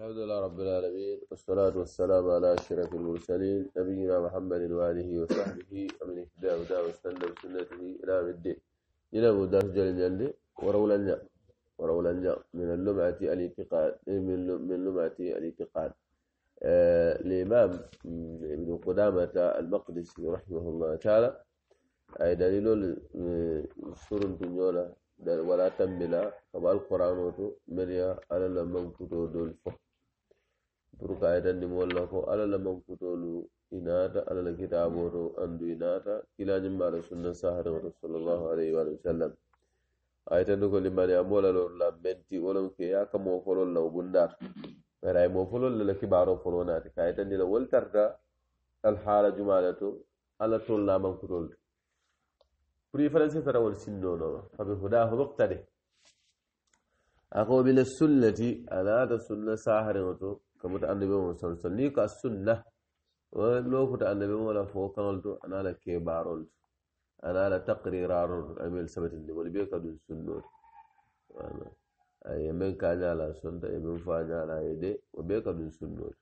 الحمد لله رب العالمين والصلاة والسلام على أشرف المرسلين نبينا محمد وآله وصحبه ومن اهتدى هداه واستنى بسنته إلى يوم الدين إلى مدرس جل ورولا نعم ورولا نعم من اللمعة الاعتقاد من لمعة الاعتقاد آه، الإمام ابن قدامة المقدسي رحمه الله تعالى أي دليل سور الدنيا ولا تملا كما القرآن مريا على لما كتو دول فقط pour ka ayitandi moolu ko alla la mankutolu inaata alla la kitaaboo to andu inaata kilañimmaala sunna saharinto sallallahu alayhi wa sallam ayitandi ko limani a moola loru la menti wolon ke ya ka moo folol la o bundaata bara ay moo folol la la kibaaro foloo naati ka ayitandi la wol tarta alhaala jumaala to alla tol la mankutol to pour i fana sitara wol sinnoonoma fabi hudahu muqtade ako bila sunnati anaata sunna saharinto كما النبي محمد صلى الله عليه وسلم نيك السنة ولو فت النبي ولا فوق نلتو أنا على كبارول أنا على تقرير عرور أميل سبت اللي ولبيك دون سنور أنا أي من كان على سنة أي من فاجع على يدي وبيك دون سنور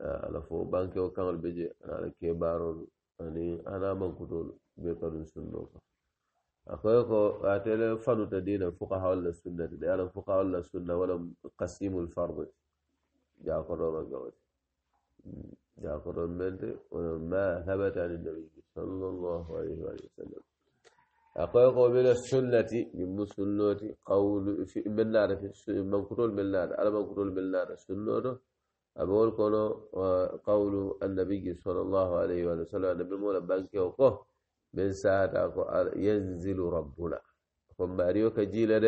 على فوق بانك وكان البيجي أنا على كبارول أني أنا من كتول بيك دون سنور akwai ko a tele fanu ta dina fuka hawalla sunna da yalan fuka hawalla sunna wala qasimul fard جعفر رجعت جعفر الملد ما ثبت عن النبي صلى الله عليه وسلم أقول قبل السنة من السنة قول في من نار في من كتول من نار على من كتول من نار السنة أقول كنا قول النبي صلى الله عليه وسلم النبي مولى بنك وقه من ساعة ينزل ربنا فما ريوك جيل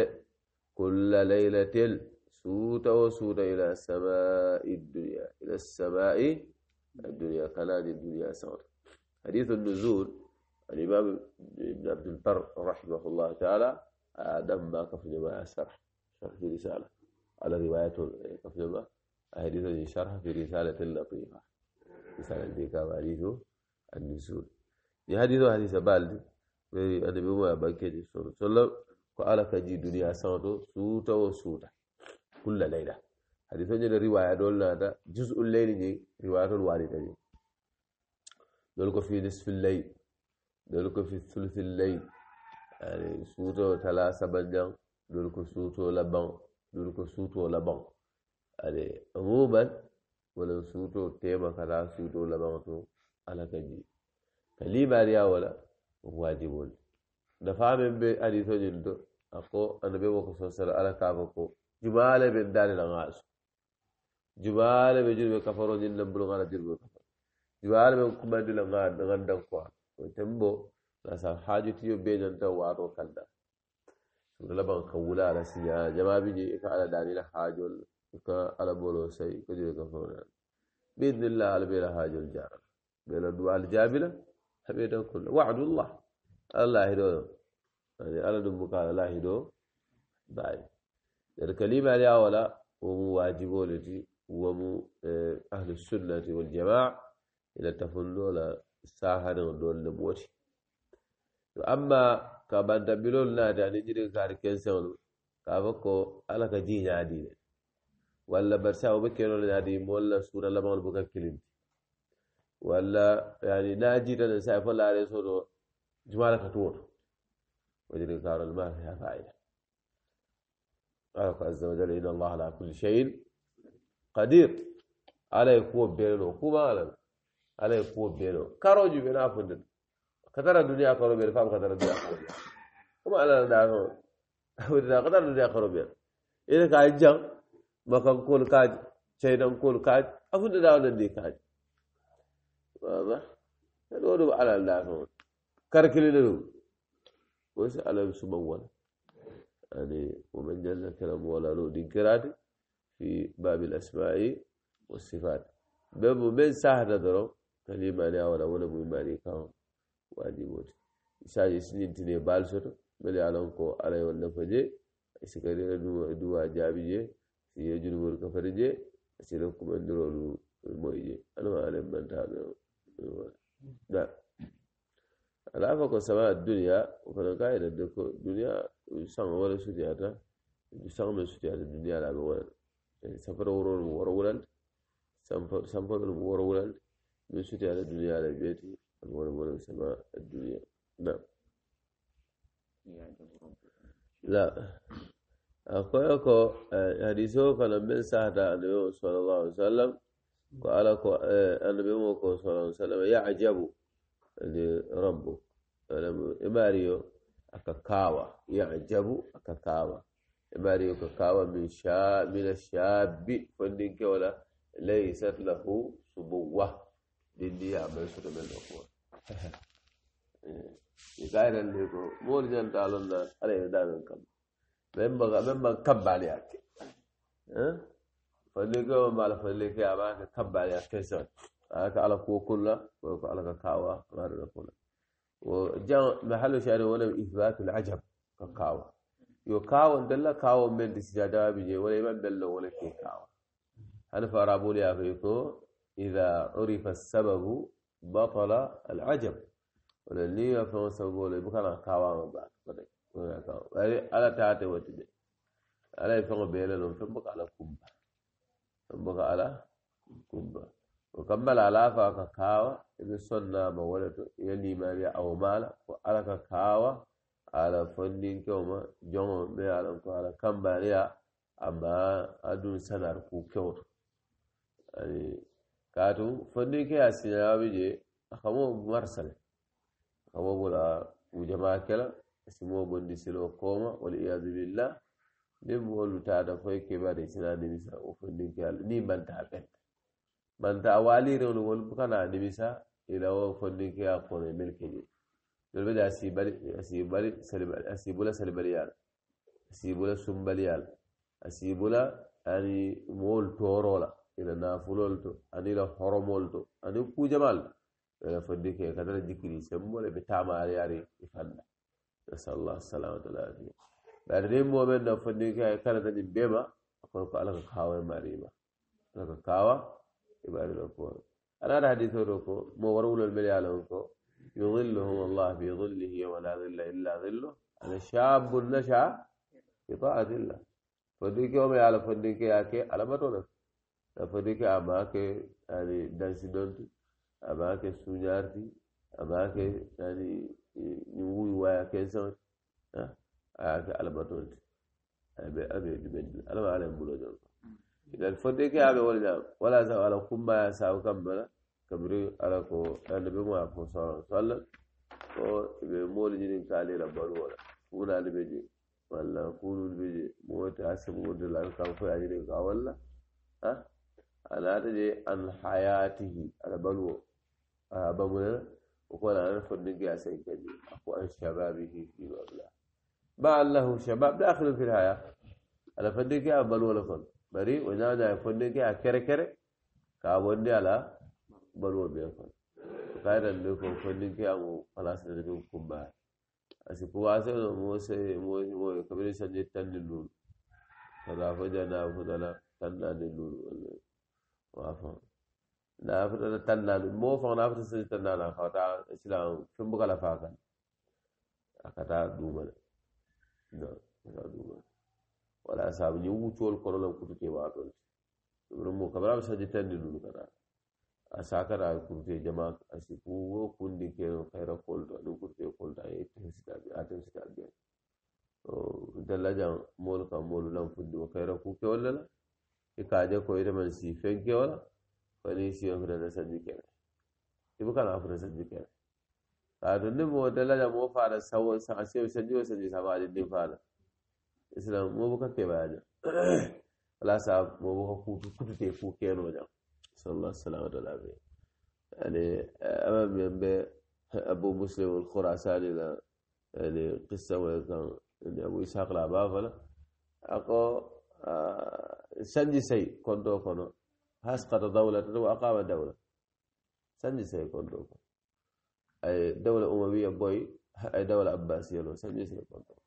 كل ليلة سوت وسود إلى السماء الدنيا إلى السماء الدنيا كنادي الدنيا سود حديث النزول الإمام ابن عبد البر رحمه الله تعالى دم ما كف جماعة شرح في رسالة على رواية كفن ما حديث شرح في رسالة لطيفة رسالة دي كان حديث النزول دي حديث حديث بالدي النبي محمد صلى الله عليه وسلم قال كجي الدنيا سود سوت وسوده كل ليلة حديث جل رواية دول هذا جزء الليل جي رواية الواردة جي دولكو في نصف الليل دولكو في ثلث الليل يعني سوتو ثلاثة بجان دولكو سوتو لبان دولكو سوتو لبان يعني عموما ولو سوتو تيما كلا سوتو لبان تو على كجي كلمة ريا ولا واجبون دفع من بي حديث جلدو أقو أنا بيوكو سوسر على كابكو جبال بن دار الغاز جبال بجرب كفر جن بلغ جرب كفر جبال بن كمان الغاد غندن كوا وتمبو ناس حاجتي بين تو وارو كندا سورة بان كولا على سيا جما بيجي على داني لحاجل ka على بولو سي كجرب كفر ka fona الله على bela حاجة الجار bela du al حبيت habeda وعد الله الله hido يعني أنا دم بكار الله hido باي الكلمة يا ولا ومو واجبولتي ومو آه، أهل السنة والجماعة إلى تفنول ساهر ودول لموتي أما كابان تبلون نادي يعني جريك كاري كنسون كابكو على كجين عادي ولا برسا وبكينو نادي مولا سورة لما نبقى كلمة ولا يعني ناجي تنسى فلا رسولو جمالك تور وجريك كارو المال فيها فائدة قال عز وجل إن الله على كل شيء قدير على يكون بينه كما على على يكون بينه كاروج بين أفند كتر الدنيا كارو بين فام كتر الدنيا كارو بين كما على دعوة ودنا كتر الدنيا كارو بين إذا كان جم ما كان كل كاج شيئا كل كاج أفند دعوة ندي كاج واضح هذا هو على دعوة كركلي له ويسأل سبحانه يعني ومن جل كلام ولا نودين كراد في باب الأسماء والصفات بم من سهر درو كلمة أنا ولا ولا بإيماني كام واجبوت إساج سنين تني بالسر ملي علىهم كو على ولا فجي إسكاري دو دو أجابي جي سيجر بور كفر جي سيرو كمان درو موي جي أنا ما أعلم من هذا نعم العفو سماء الدنيا وفنا الدنيا saŋa wala sutiyata du saŋa meŋ sutiyata duniya la a be wo la sanfata woroo mu woro wulal sanfato mu woro wulal meŋ sutiyata duniya la bee ti a be wona wona sama a duniya naam la akoyo ko hadiso kana meŋ sahata annabi mo sallallahu alaihi wasallam ko ala ko annabi mo ko sallallahu alaihi wasallam yajabu rabbu alam imariyo أكاكاوا يعجب أكاكاوا ماريو كاكاوا من شاب من الشاب فنك ولا ليست له سبوة دي يعمل سورة من الأخوة يقال إيه. لكم مورجان تعالوا عليه دائما كم مما مما كب عليك ها فليك وما لا فليك يا ما كب عليك كيسون هذا على كوكولا وعلى كاكاوا ما رأيكم وجاء محل شعر ولا إثبات العجب كاو يو كاو دلا كاو من تسجدا بيجي ولا ما دلا ولا كي كاو أنا فارابولي أفيكو إذا عرف السبب بطل العجب ولا لي يفهم سبب ولا بكرة كاو ما بعد بدك ولا كاو على تاتي وتدي على يفهم بيلا لو فبك على كوبا فبك على كوبا o kambala ala fa ka kawa ibe sonna ma wala to yani mari aw mala ko ala ka kawa ala fondin kewma jongo be ala ko ala kambariya amma adun sanar ku kewto ani kaatu fondin ke asinaɓe je akamo marsale akamo bula wujama kela simo bondi silo koma waliyadu billah nin moolu taata foye keɓaade sina nimisa o fondin ke ala ni manta ɓenta من تأوالي رون والبقنا نبسا إلى وفنك أقول ملكي بالبدا أسيبالي أسيبالي سلبالي أسيبولا سلباليال أسيبولا سنباليال أسيبولا أني مول تورولا إلى نافولولتو أني لا حرمولتو أني كوجمال إلى فنك كتر ذكري سمول بتعمى عليالي إفنا نسأل الله السلامة والعافية بعدين مؤمن نفنك كتر ذكري بما أقول لك ألغ كاوة مريمة ألغ كاوة عباد الأفوار الآن حديث الرفو مورول المليال أنكو يظلهم الله في ظله ولا ظل إلا ظله أنا شاب نشا في طاعة الله فديك يوم يا فديك يا كي على ما تونس فديك أباك يعني دانسيدونتي أباك سونيارتي أباك يعني نوي ويا كيسون ها أباك على ما تونس أبي أبي أبي أنا ما أعلم بلو جنب إذا الفندق يا ولا ولا زال على كم ما يساو كم بنا كبري على كو النبي ما يفهم صلى الله عليه وسلم ومول جنين كالي ربنا ولا ولا نبيجي ولا كونوا نبيجي موت أسمو دلال كم في أجرين كاولا ها أنا تجي عن حياته على بلو أبمنا وقال أنا فندق يا سيدي أكو عن شبابه في الله ما له شباب داخل في الحياة أنا فندق يا بلو لكم bari o ñaña fonde ke a kere kere ka wonde ala baluwo ɓe kon kayran ɗo ko fondin ke amo palasɗene ɗum kumbaare par ce que ko waseno mose momoe kabiri sañi tanni lulu kala fo jana futala tannani lulu walla wafan na futala tannani mo fan na futa sañi tannana hawta silam fembugala fakan akata ɗumana non akata ɗumana wala saabu ñiŋ wuccol kono la kutu keɓaato le ɗum mo kabara ɓe sajitandi ɗum kana a sakata a kurte jama asi ku wo kundi ke hayra kolto aɗum kurte kolto aye temsitaɓe a temsitaɓe dallajan moolu kam moolu lan fundi o kayra ku kewolle la i kaaje ko iteman si fen kewola fani siyo futata sanji kene ibu kana futa sanji kene kaatu ndin mo dallajan mo faata sawo asiyo sanji o sanji sabaadi ndin faata islam mobo ka keɓaja ala sa mobo ka kutu kutute ku kenoja sallah salama tala ɓe yani aman men ɓe abu muslim alkhurasani la yani qissa moye kan yani abu ishaq la ba fana ako sanji sey konto kono haskata dawlatan wa aqama dawla sanji sey konto kono ay dawla umawiya boy ay dawla abbasiya lo sanji sey konto kono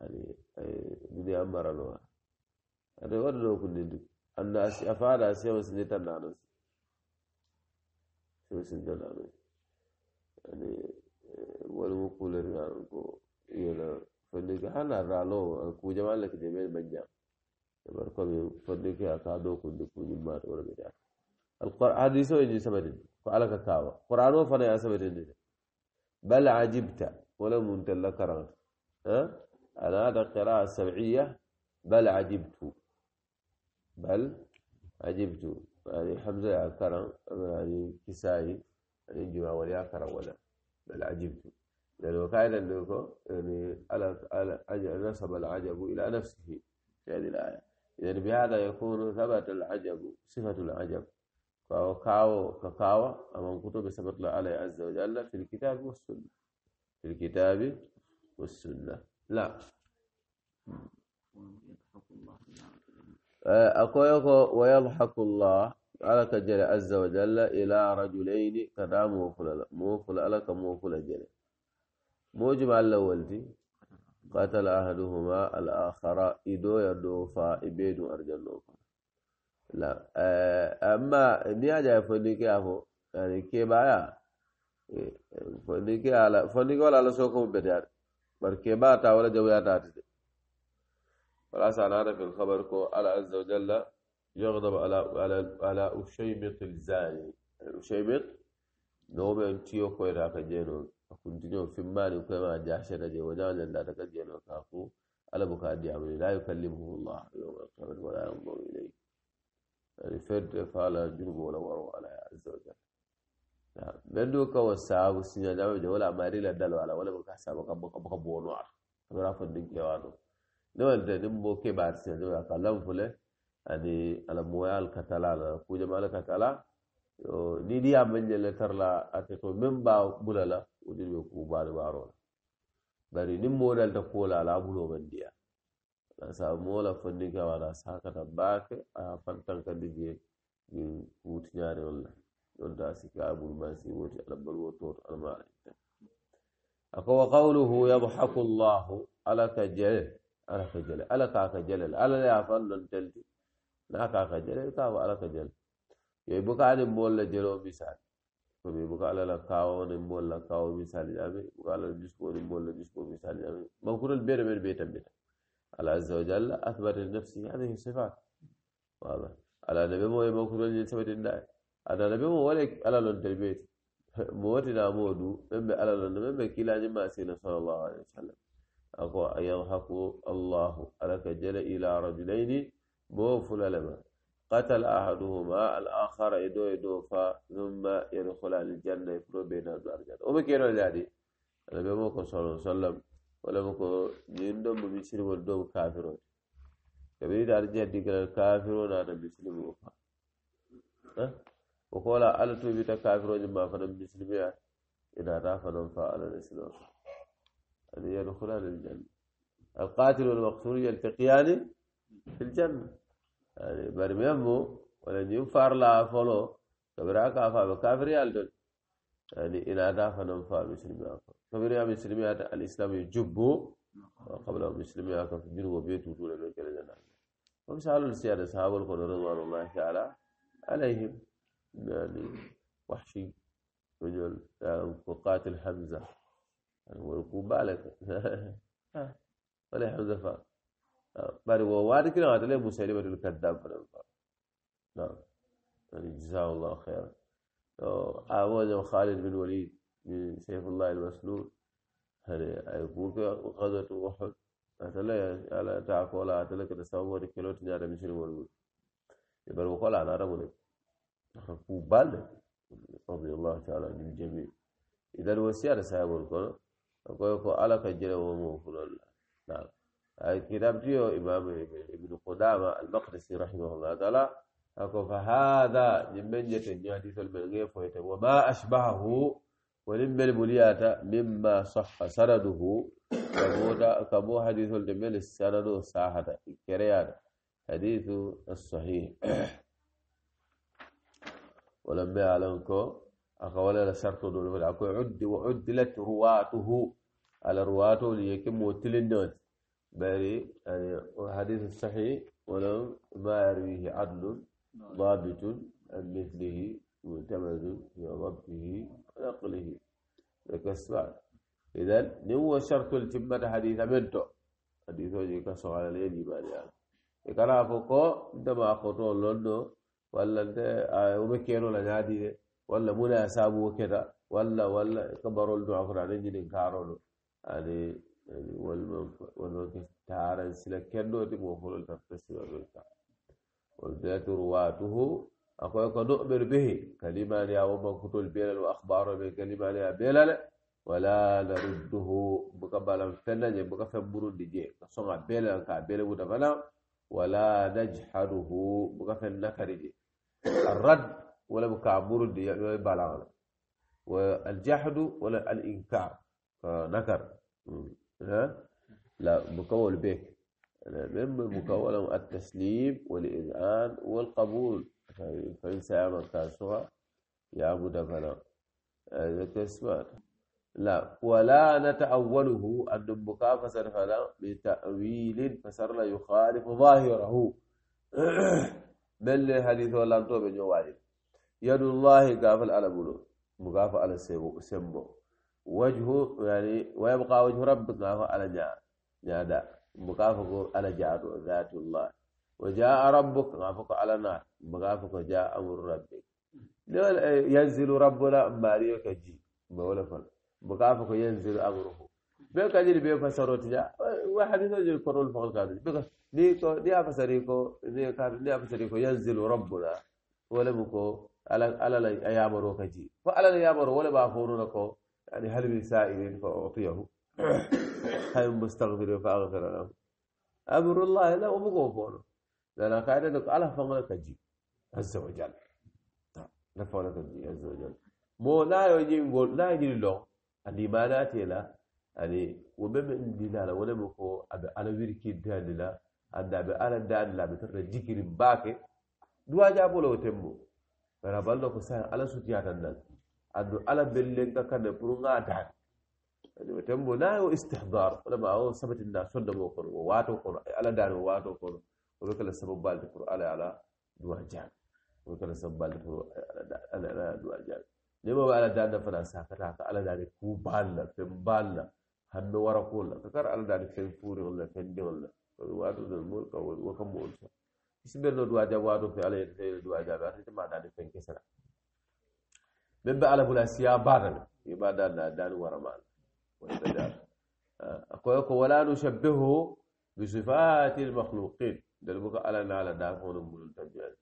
يعني إيه، دنيا أمر نوع أنا ولا نوع أن أسي أفعل أسي ما سنجتنا نانوس ما سنجتنا نانوس يعني ولا مقول رانكو يلا فندك حنا رالو كو جمال لك دي مين بنجا بركو يعني فندك أكادو كندو كنجمار ولا بيجا القرآن حديثه يجي سمدين قالك كاوا قرآنه فنا يا سمدين بل عجبت ولا منتلك رغد ها أه؟ أنا هذا القراءة السبعية بل عجبت بل عجبت يعني حمزة يا كرم يعني كسائي يعني جمع ولا كرم ولا بل عجبت لأنه يعني قائلا لكم يعني ألا نسب العجب إلى نفسه في هذه الآية يعني بهذا يكون ثبت العجب صفة العجب فهو كاو كاو أمام كتب ثبت الله عز وجل في الكتاب والسنة في الكتاب والسنة لا أقول آه، ويضحك الله على كجل عز وجل إلى رجلين كدا موفل موفل على كموفل جل موجب على ولدي قتل أحدهما الآخر إدو يدوفا إبيدو أرجلوك لا آه، أما نياجة فنيك أفو يعني كيبايا فنيك على فنيك ولا على سوكم بدار bari keɓata wala jawyatati de دي sanana fi lhabar الخبر كو على عز وجل يغضب على على على أشيبط الزاني أشيبط نوم أنتيو كويرا كجينون أكون تجيو في مالي كما جاشة كجي وجانا لا جينو كاكو على بكاء ديامني لا يكلمه الله يوم القيامة ولا ينظر إليه يعني فرد فعل جنوب ولا ورو على عز وجل bendo ka wa sabu si sinya dawo je wala mari la dal wala wala ka sabu ka boka boka bono ar wala fa din ke wano ne wanda din bo ke bar sinya dawo ka lam fule ani ala moyal tala la ku je mala katala yo ni di amman je le tar tarla ate ko mem ba bulala di be ku ba baro bari nim modal ta kola la la bulo sa la bandiya na sabu mola sa ka ta ba ke a fantan ka di je ni ku ti tinyare wallahi يرد سكاب الماسيموت رب الوتور المال أكو قوله يضحك الله على كجل على كجل على كجل على لا فلن تلتي لا كجل كاو على كجل يبقى على مول جلو مثال فبي بقى على لا كاو مول لا كاو مثال جابي بقى على جسكو مول جسكو مثال جابي منكر البير بير بيت بيت الله عز وجل أثبت لنفسه هذه الصفات واضح على نبي مو يبقى كل ثبت الله ana nabi mu wale alalon dalbeti mu wati na modu membe alalon na membe kila ni ma sai na sallallahu alaihi wasallam ako ayyahu haku allah alaka jala ila rajulaini mu fulalama قتل أحدهما الآخر إدو إدو فا ثم يدخل الجنة يفرو بين الدرجات أما كينو جادي أنا بموك صلى الله عليه وسلم ولا بموك جندم بمسلم ودوم كافرون كبير دارجات ديكال الكافرون أنا بمسلم وفا ها أه؟ وقال على توبيتا كافر وجمع فنم مسلميا إذا أتى فنم فعل الإسلام أن يدخلان الجنة القاتل والمقتول يلتقيان في الجنة يعني برميمو ولن ينفر لا فلو كبرا كافا بكافر يالدن يعني إن أتى فنم فعل مسلميا كبرا يا مسلميا الإسلام يجب قبل مسلميا في جنوب وبيت وطول الجنة ومسألوا السيادة صحابة القدر رضوان الله تعالى عليهم يعني وحشي رجل وقاتل يعني يعني آه. حمزة ولكو بالك ولا حذفاء بل ووارد كنا قاتل مسيلمة الكذاب نعم يعني جزاه الله خيرا أعوذ خالد بن وليد من سيف الله المسلول هني أيقوك غزوة أحد أتلا على تعقول أتلا كده سووا ركلوت نار مشي الورود يبرو وقال على رمونك حبوبال رضي الله تعالى عن الجميع إذا وسيار سحب الكون أقول لكم على كجرة وموفر نعم كتاب ديو إمام ابن قدامة المقدسي رحمه الله تعالى أقول فهذا من يتنياتي الملغيف وما أشبهه ولم البليات مما صح سنده كبودا كبو حديث المل السند ساحة كريان حديث الصحيح ولم يعلنكو أخوالا لشرط دول أكو عد وعدلت رواته على رواته ليكم وتلنون بري يعني الحديث الصحيح ولم ما يرويه عدل ضابط مثله معتمد في ضبطه ونقله لكسبان إذا نو شرط التمة حديث منتو حديث وجهك سؤال لين يبالي يعني. إكرافكو عندما أخطو لونه ولا آه، ومكينو لنادي ولا منا سابو كذا ولا ولا كبروا الدعاء قرآن جنين كارولو يعني يعني والمنكح تارا سلا كنو دي موفر التفسير والكا والذات رواته أقول نؤمر به كلمة يا وما كتل بيلل وأخبار به كلمة يا بيلل ولا نرده بكبالا فنجي بكفن برون دي جي كسوما بيلل كا بيلل ودفنا ولا نجحده بغفل نكرد الرد ولا بكعبور بالغنا والجحد ولا الإنكار نكر لا مكول بك من مكون التسليم والإذعان والقبول فإن سيعمل كاسوها يعبد فلا هذا تسمع لا ولا نتأوله أن بكاء فسر فلا بتأويل فسر لا يخالف ظاهره بل الحديث ولا من بجوائل يد الله كافل على بلو مقاف على سمو وجهه يعني ويبقى وجه ربك على جاء جاء مقاف على جاء ذات الله وجاء ربك مكافك على نار مكافك جاء أمر ربك ينزل ربنا ماريو كجي مولا فلو بكافة كو ينزل أمره بيكا جل بيكا سروتجا وحديث جل كرول فقل كادج بيكا ديكو دي أفسريكو دي كار دي أفسريكو ينزل ربنا ولا بكو على على لا يامرو كذي فعلى لا يامرو ولا بعفونه لكو يعني هل من سائل فأعطيه هل مستغفر فأغفر له أمر الله لا وبقوا فورو لأن كان على فما كذي عز وجل نفعل كجي عز وجل مو لا يجي لا يجي لهم andi manate la ani wo ɓe men ndinala wonemo ko aɓe ala wirkiddani la anda aɓe ala dani la aɓe torta jikiri mbake duwajabolowo temmo bara ballo ko sahen ala sutiyatan nan andu ala bellenka kane pour gatani ɓe temmo nayi o istihdar wonama o sabatinna soddamo kono o wato kono ala dani o wato kono oɓe kala sababu balde pour ala ala duwa jaabi oɓe kala sababu balde pour ala ala duwa jaabi nima ba ala dana fana sakata ka ala dani ku balla fen balla hanno wara kolla ka kar ala dani fen furiŋolla fen diŋolla waatudel mulka wo kam mool sa isibe no duwa jaab waato fe ala yetete duwa jaabe atetema dani fen kesara meŋ be ala bula siya baata le i ba dana dani waramaala a koye ko wala nushabbihu bisifati lmakhluqin del buka ala naala daafono mulul tajuani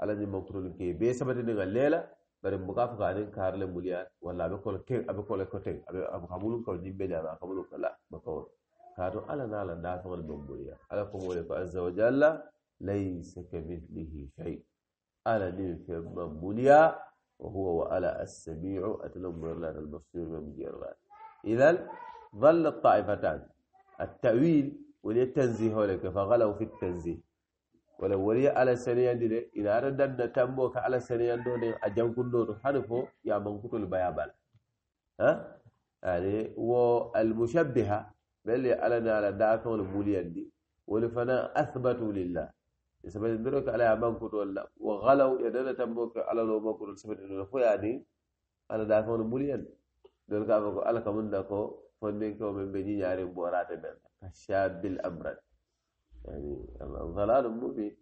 ala ñimmankurolin ke bee sabatiniŋa leela bari mbuka fuka anin karle muliyan walla aɓe kolo ten aɓe kolo ko ten aɓe kamulum kaw nimɓe ñama kamulum ko la ɓakowo kato ala nala ndafeŋol ɓe muliya ala ko mole ko azza wa jalla laysa ka mithlihi shay ala nin femma muliya wa huwa wa ala assamiu atalan murlan albasir mem jerlan idan ظل الطائفتان التأويل وللتنزيه ولك فغلوا في التنزيه wala wori ala seneyandi de ina ara danna tambo ka ala seneyando nden a jankunnoto hani fo yamankutol baya bala ha ani wo almushabbiha ɓelle ala ne ala dafeŋole muliyandi woni fana athbatu lillah e sabati ndoro ko ala ya mankutolla wo halaw e dana tambo ko ala no mankutol sabati ɗono fo yani ala dafeŋole muliyandi ɗon ka fa ko ala kamunda ko fonndin kewo men ɓe ñiñarin borate men ka shabil amrat يعني ضلال مبين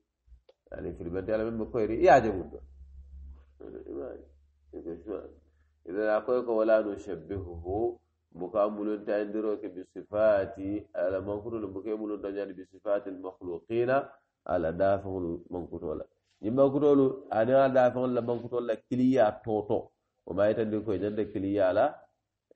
يعني في البداية من بكويري يعجب إذا أقولك ولا نشبهه مكامل تندرك بصفات على منكر مكامل تجاري بصفات المخلوقين على دافع المنكر ولا يما كتولو نعم، أنا دافع المنكر ولا كليا توتو وما يتندرك يجندك كليا على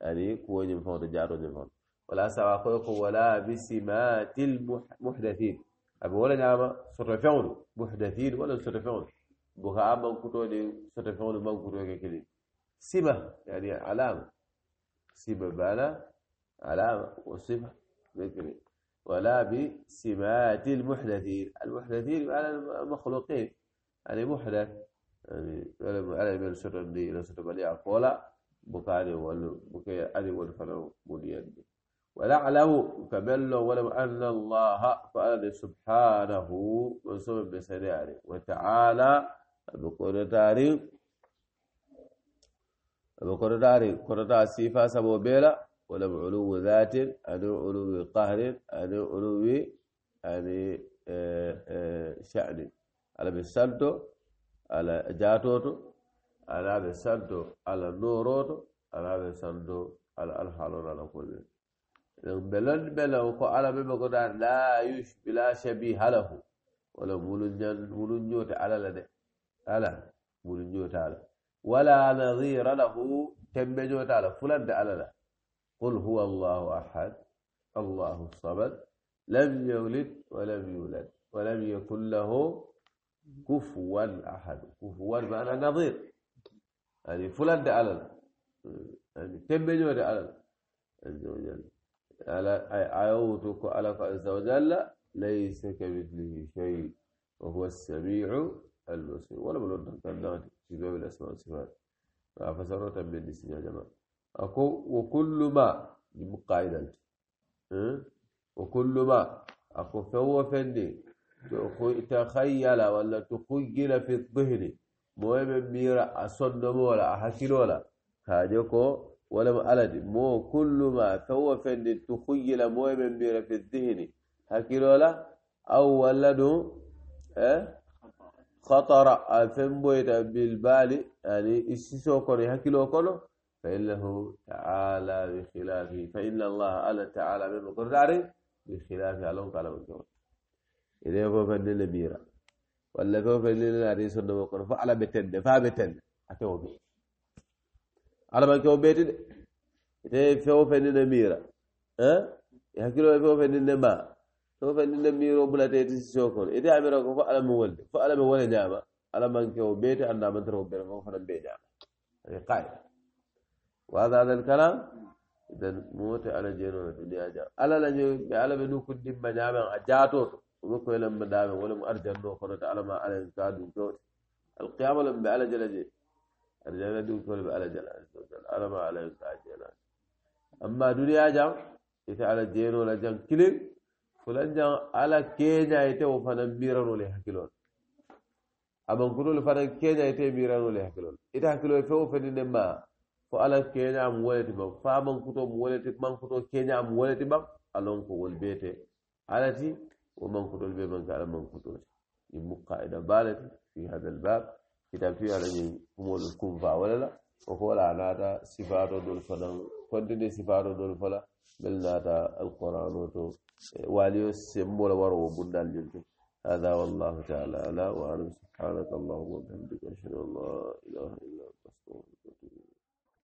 يعني كوين فوت جارو جنفون ولا سواقوك ولا بسمات المحدثين أبو ولا نعم صرفون محدثين ولا صرفون بها من كتوني صرفون من كتوني كذي سمة يعني علامة سمة بالا علامة وسمة ذكري ولا بسمات المحدثين المحدثين على المخلوقين يعني محدث يعني على من سر الدين سر بليع يعني قولا بكاري ولا بكي أدي والفنو مليان دي ولعله فبل ولو أن الله فعل سبحانه وسوى بسناره وتعالى بقول تاريخ بقول تاريخ قرطة سيفا سبو بيلا ولم علو ذات أن علو قهر أن علو يعني، أن آه، آه، شأن على بالسلطة على جاتوتو على بالسلطة على نوروتو على بالسلطة على الحالون على كل بلن بلو كو على بمقنا لا يش بلا شبيه له ولا مولن مولن نيوت على لده على مولن نيوت على ولا نظير له تمبجوت على فلان على له قل هو الله أحد الله الصمد لم يولد ولم يولد ولم يكن له كفوا أحد كفوا معنى نظير يعني فلان على له يعني تمبجوت على له عز وجل أعوذك على عز وجل ليس كمثله شيء وهو السميع البصير ولا بلون تندغت في باب الأسماء والصفات فسرة من نسي يا جماعة وكل ما يبقى أه؟ وكل ما أكو فهو فندي تخيل ولا تخيل في الظهر مهم ميرا أصنم ولا أحكي ولا هاجكو ولم ألد مو كل ما كو تخيل موي من بير في الذهن ولا أو ولد أه؟ خطر أفن بيت بالبال يعني إسسو كوني هكيلو كونو فإنه تعالى بخلافه فإن الله ألا تعالى من مقرداري بخلافه ألون قال مجمع إذا هو فندل ميرا ولا هو فندل ناري سنة مقرد فعلا بتند فابتند أتوبي على ما كيو بيتي تي فيو فين نميرا ها يا كيلو فيو فين نما فيو فين نميرا بلا تي تي سوكون اي تي امير كو على مول فو على مول نياما على ما كيو بيتي عندنا ما ترو بيرا فو فدان بيجا رقاي وهذا هذا الكلام اذا موت على جنون في الدنيا جا على لنجي على بنو كدي ما نياما اجاتو وكو لم دامي ولم ارجن دو خرت على ما على القيامه لم بعلى جلجي arjana dinkol ɓe ala jala azawajal alama ala yusa jenani amma duniya jam ite ala jeenola jam kilin fulan jam ala keña ite wo fanan miranole hakkilol aman kutol fanan keña ite miranole hakkilol ite hakkilo fe wo fenine ma fo ala keña mo woleti ban fa man kuto mo woleti man kuto keña mo woleti ban alon ko wol beete alati wo man kutol be man ka ala man kutol immu qaida balati fi hada albab itan fiya da yin kumolu kumfa wala la o ko la nata sifaro dol fana konti de sifaro dol fala bel nata alqur'ano to waliyo sembol waro bundal jonto هذا والله تعالى أعلى وأعلم سبحانك اللهم وبحمدك أشهد أن لا إله إلا أنت أستغفرك وأتوب إليك